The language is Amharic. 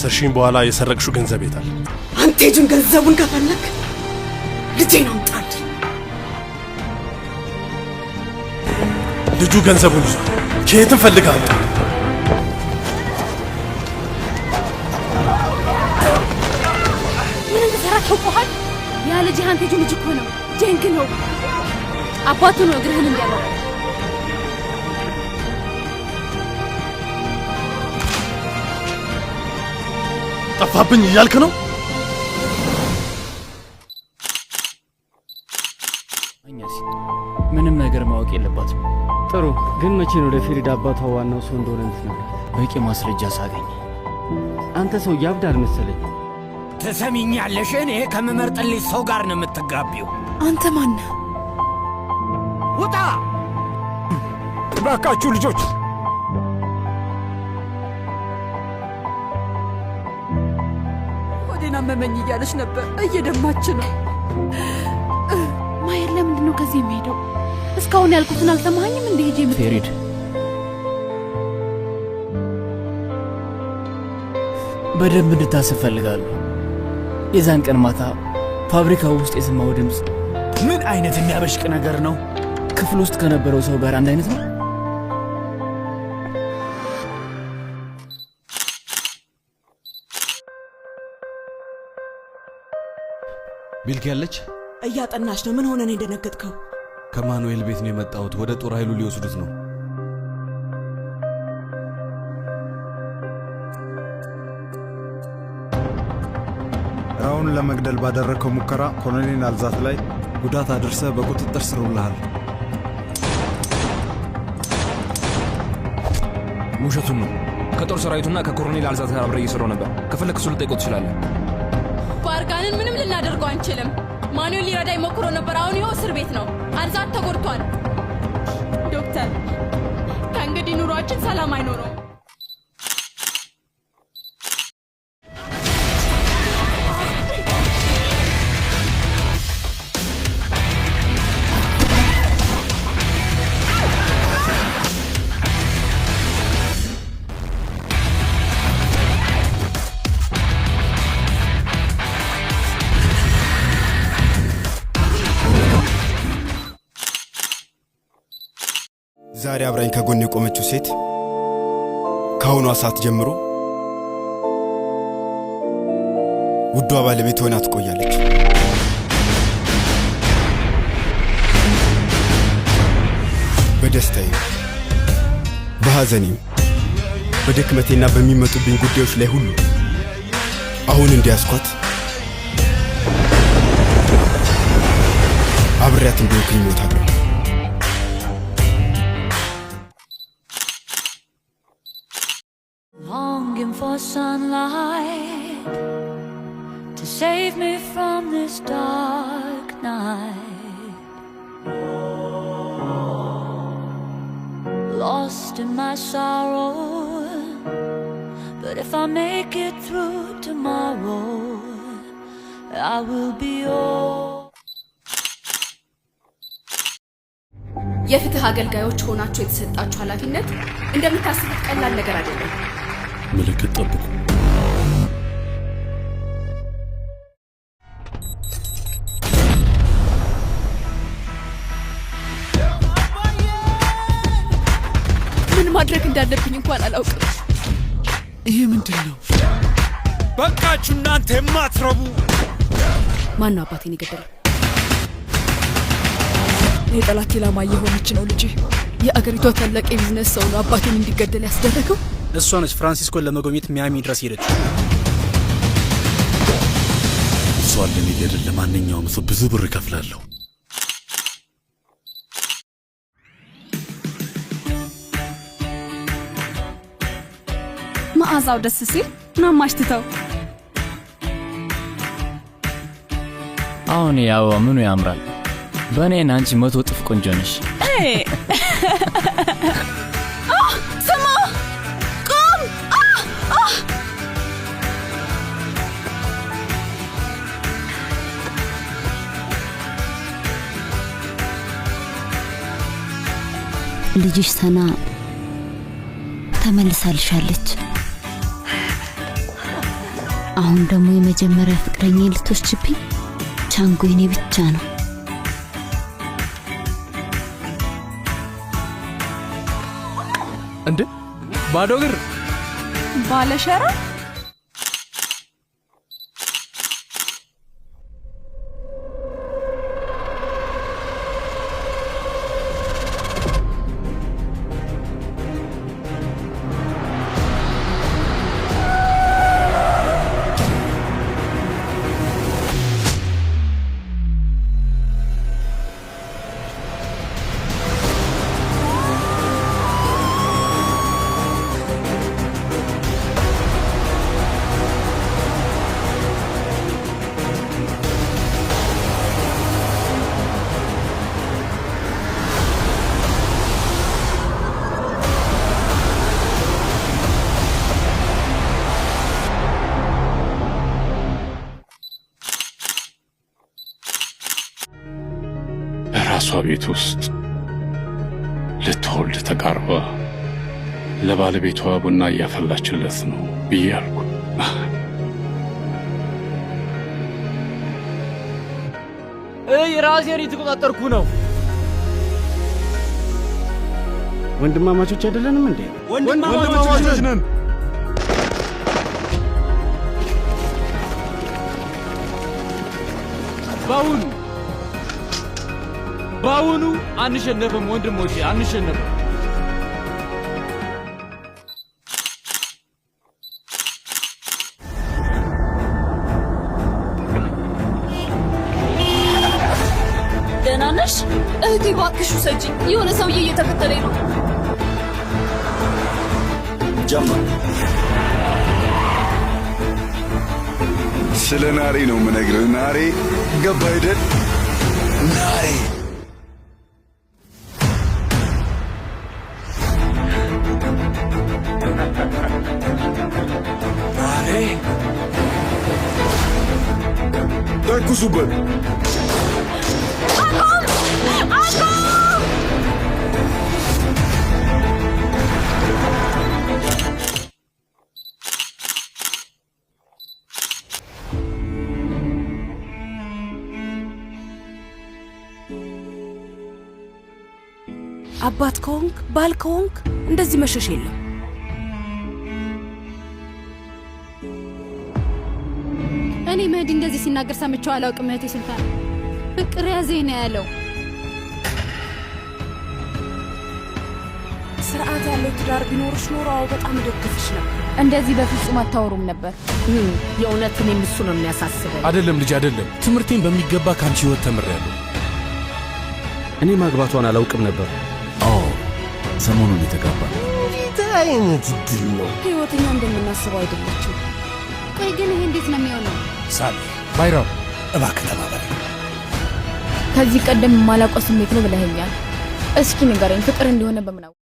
ካሰርሽኝ በኋላ የሰረቅሹ ገንዘብ የታል? አንተ ሂጅን ገንዘቡን ከፈለክ ነው አምጣልኝ። ልጁ ገንዘቡን ይዞ ከየትም ፈልገህ አምጣ። ምን እንደሰራ ታውቀዋል? ያ ልጅ አንተ ልጅ እኮ ነው፣ ጀንግ ነው። አባቱ ነው እግርህን እንዲያለው ጠፋብኝ እያልክ ነው? ምንም ነገር ማወቅ የለባትም። ጥሩ ግን መቼ ነው ለፌሪድ አባቷ ዋናው ሰው እንደሆነ የምትነግራት? በቂ ማስረጃ ሳገኝ። አንተ ሰው ያብዳል መሰለኝ። ትሰሚኛለሽ? እኔ ከምመርጥልሽ ሰው ጋር ነው የምትጋቢው። አንተ ማነህ? ውጣ! እባካችሁ ልጆች አመመኝ እያለች ነበር። እየደማች ነው። ማየር ለምንድን ነው ከዚህ የሚሄደው? እስካሁን ያልኩትን አልሰማኸኝም? እንደ ሄጄ በደንብ እንድታስብ ፈልጋለሁ። የዛን ቀን ማታ ፋብሪካው ውስጥ የሰማው ድምፅ ምን አይነት የሚያበሽቅ ነገር ነው? ክፍል ውስጥ ከነበረው ሰው ጋር አንድ አይነት ነው። ቢልክ ያለች እያጠናች ነው። ምን ሆነ ነው የደነገጥከው? ከማኑኤል ቤት ነው የመጣሁት። ወደ ጦር ኃይሉ ሊወስዱት ነው። ራውን ለመግደል ባደረከው ሙከራ ኮሎኔል አልዛት ላይ ጉዳት አድርሰ በቁጥጥር ስር ውለሃል። ውሸቱን ነው። ከጦር ሰራዊቱና ከኮሎኔል አልዛት ጋር አብረ እየሰራው ነበር። ከፈለክ እሱ ልጠይቀው ትችላለህ። ባርጋንን ምንም ልናደርገው አንችልም። ማኑኤል ሊረዳ ይሞክሮ ነበር። አሁን ይኸው እስር ቤት ነው። አንዛት ተጎድቷል። ዶክተር፣ ከእንግዲህ ኑሯችን ሰላም አይኖረውም። ዛሬ አብራኝ ከጎን የቆመችው ሴት ከአሁኗ ሰዓት ጀምሮ ውዷ ባለቤት ሆና ትቆያለች። በደስታዬ፣ በሐዘኔም፣ በደክመቴና በሚመጡብኝ ጉዳዮች ላይ ሁሉ አሁን እንዲያስኳት አብሬያት እንዲወክኝ ይሞታለሁ። begging for sunlight to save me from this dark night. Lost in my sorrow, but if I make it through tomorrow, I will be all. የፍትህ አገልጋዮች ሆናችሁ የተሰጣችሁ ኃላፊነት እንደምታስቡት ቀላል ነገር አይደለም። ምልክት ጠብቁ። ምን ማድረግ እንዳለብኝ እንኳን አላውቅም። ይሄ ምንድን ነው? በቃችሁ እናንተ የማትረቡ! ማን ነው አባቴን የገደለው? የጠላት ኢላማ እየሆነች ነው ልጄ። የአገሪቷ ታላቅ የቢዝነስ ሰው ነው አባቴን እንዲገደል ያስደረገው። እሷ ነች ፍራንሲስኮን ለመጎብኘት ሚያሚ ድረስ ሄደች። እሷን ለሚገድል ለማንኛውም ሰው ብዙ ብር እከፍላለሁ። መዓዛው ደስ ሲል ትተው አሁን ያው ምኑ ያምራል። በእኔን አንቺ መቶ እጥፍ ቆንጆ ነሽ። ልጅሽ ሰና ተመልሳልሻለች። አሁን ደግሞ የመጀመሪያ ፍቅረኛ ልትወስጅብኝ ቻንጎ የኔ ብቻ ነው። እንዴ ባዶ እግር ባለሸራ በራሷ ቤት ውስጥ ልትወልድ ተቃርባ ለባለቤቷ ቡና እያፈላችለት ነው ብዬ አልኩ። እይ ራሴን የተቆጣጠርኩ ነው። ወንድማማቾች አይደለንም እንዴ? ወንድማማቾች ነን። በውኑ በአሁኑ አንሸነፍም ወንድሞቼ፣ አንሸነፍም። ደህና እህቴ? ባክሹ ሰጂ የሆነ ሰውዬ እየተከተለ ነው። ስለ ናሬ ነው የምነግርህ። ናሬ ገባ አይደል? zubę! Atom! Atom! አባት ከሆንክ ባል ከሆንክ እንደዚህ መሸሽ የለም። እንግዲህ እንደዚህ ሲናገር ሰምቼው አላውቅም። እህቴ ስልጣን ፍቅር ያዜ ነው ያለው። ስርዓት ያለው ትዳር ቢኖርሽ ኖሮ አዎ በጣም ደግፍሽ ነበር። እንደዚህ በፍጹም አታወሩም ነበር። የእውነት እኔም እሱ ነው የሚያሳስበኝ። አይደለም ልጅ አይደለም፣ ትምህርቴን በሚገባ ከአንቺ ህይወት ተምሬያለሁ። እኔ ማግባቷን አላውቅም ነበር። አዎ ሰሞኑን የተጋባ። እንዴት አይነት ድል ነው! ህይወትኛ እንደምናስበው አይደለችም። ቆይ ግን ይሄ እንዴት ነው የሚሆነው? ሳሚ ባይራው እባክህ ተባበር። ከዚህ ቀደም የማላውቀው ስሜት ነው ብለኸኛል። እስኪ ንገረኝ ፍቅር እንደሆነ በምናው